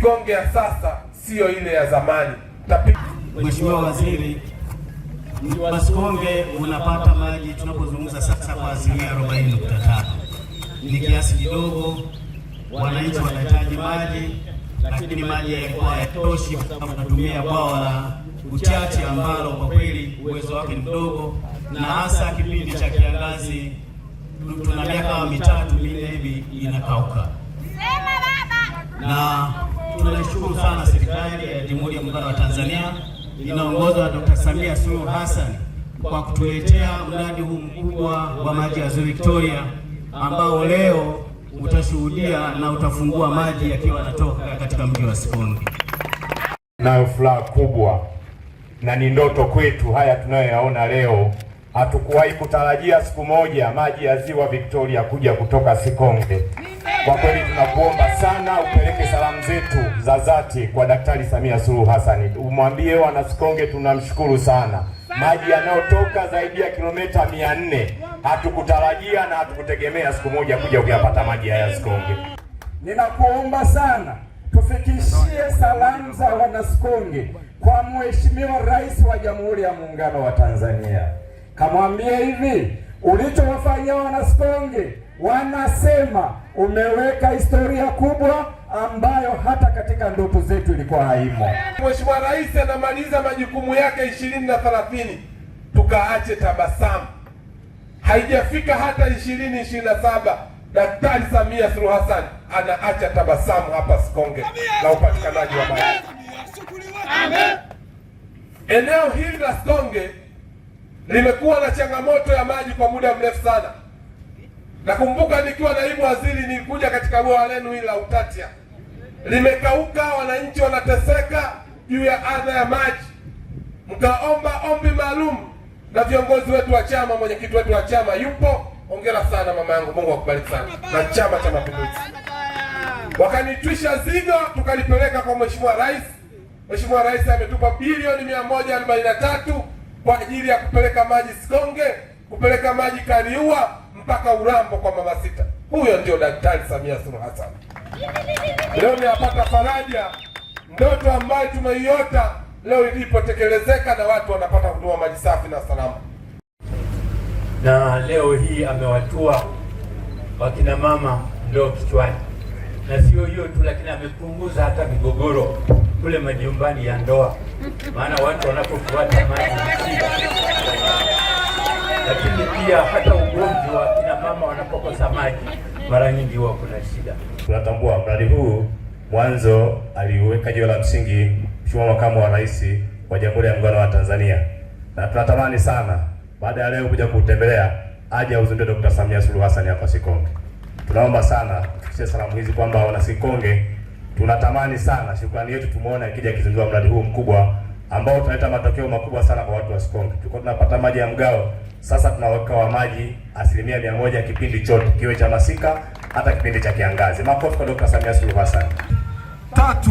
Migonge ya sasa siyo ile ya zamani. Mheshimiwa Waziri, Sikonge unapata maji tunapozungumza sasa kwa asilimia 40.5, ni kiasi kidogo. Wananchi wanahitaji maji, lakini maji yalikuwa hayatoshi kwa sababu tunatumia bwawa la Uchache ambalo kwa kweli uwezo wake ni mdogo, na hasa kipindi cha kiangazi tuna miaka mitatu minne hivi inakauka na tunaishukuru sana serikali ya Jamhuri ya Muungano wa Tanzania inaongozwa na Dr. Samia Suluhu Hassan kwa kutuletea mradi huu mkubwa wa maji ya Ziwa Victoria ambao leo utashuhudia na utafungua maji yakiwa yanatoka katika mji wa Sikonge. Nayo furaha kubwa na ni ndoto kwetu haya tunayoyaona leo Hatukuwahi kutarajia siku moja maji ya ziwa Victoria kuja kutoka Sikonge. Kwa kweli tunakuomba sana upeleke salamu zetu za dhati kwa Daktari Samia Suluhu Hassan, umwambie wana Sikonge tunamshukuru sana. Maji yanayotoka zaidi ya kilomita mia nne hatukutarajia na hatukutegemea siku moja kuja kuyapata maji haya Sikonge. Ninakuomba sana tufikishie salamu za wanasikonge kwa Mheshimiwa Rais wa Jamhuri ya Muungano wa Tanzania kamwambie hivi, ulichowafanyia Wanaskonge wanasema umeweka historia kubwa ambayo hata katika ndoto zetu ilikuwa haimo. Mheshimiwa Rais anamaliza majukumu yake ishirini na thelathini, tukaache tabasamu. Haijafika hata ishirini ishirini na saba, Daktari Samia Suluhu Hassan anaacha tabasamu hapa Sikonge la upatikanaji wa maji. Eneo hili la Sikonge limekuwa na changamoto ya maji kwa muda mrefu sana. Nakumbuka nikiwa naibu waziri nilikuja katika bwawa lenu hili la Utatia, limekauka, wananchi wanateseka juu ya adha ya maji, mkaomba ombi maalum na viongozi wetu wa chama, mwenyekiti wetu wa chama yupo, ongera sana mama yangu, Mungu akubariki sana, na Chama cha Mapinduzi wakanitwisha zigo, tukalipeleka kwa Mheshimiwa Rais. Mheshimiwa Rais ametupa bilioni mia moja arobaini na tatu kwa ajili ya kupeleka maji Sikonge, kupeleka maji Kaliua mpaka Urambo kwa mama sita. Huyo ndio Daktari Samia Suluhu Hassan. Leo ninapata faraja, ndoto ambayo tumeiota leo ilipotekelezeka na watu wanapata huduma maji safi na salama, na leo hii amewatua wakina mama ndio kichwani, na sio hiyo tu, lakini amepunguza hata migogoro kule majumbani ya ndoa, maana watu wanapofuata maji. Lakini pia hata ugonjwa wa kina mama wanapokosa maji, mara nyingi huwa kuna shida. Tunatambua mradi huu mwanzo aliweka jiwe la msingi Mheshimiwa Makamu wa Rais wa Jamhuri ya Muungano wa Tanzania, na tunatamani sana baada ya leo kuja kutembelea aje uzindue Dr. Samia Suluhu Hassan hapa Sikonge. Tunaomba sana tufikishie salamu hizi kwamba wana Sikonge Tunatamani sana, shukrani yetu tumeona akija akizindua mradi huu mkubwa ambao tunaleta matokeo makubwa sana kwa watu wa Sikonge. Tuko tunapata maji ya mgao, sasa tunaweka wa maji asilimia mia moja kipindi chote, kiwe cha masika hata kipindi cha kiangazi. Makofi kwa Dkt. Samia Suluhu Hassan. Tatu.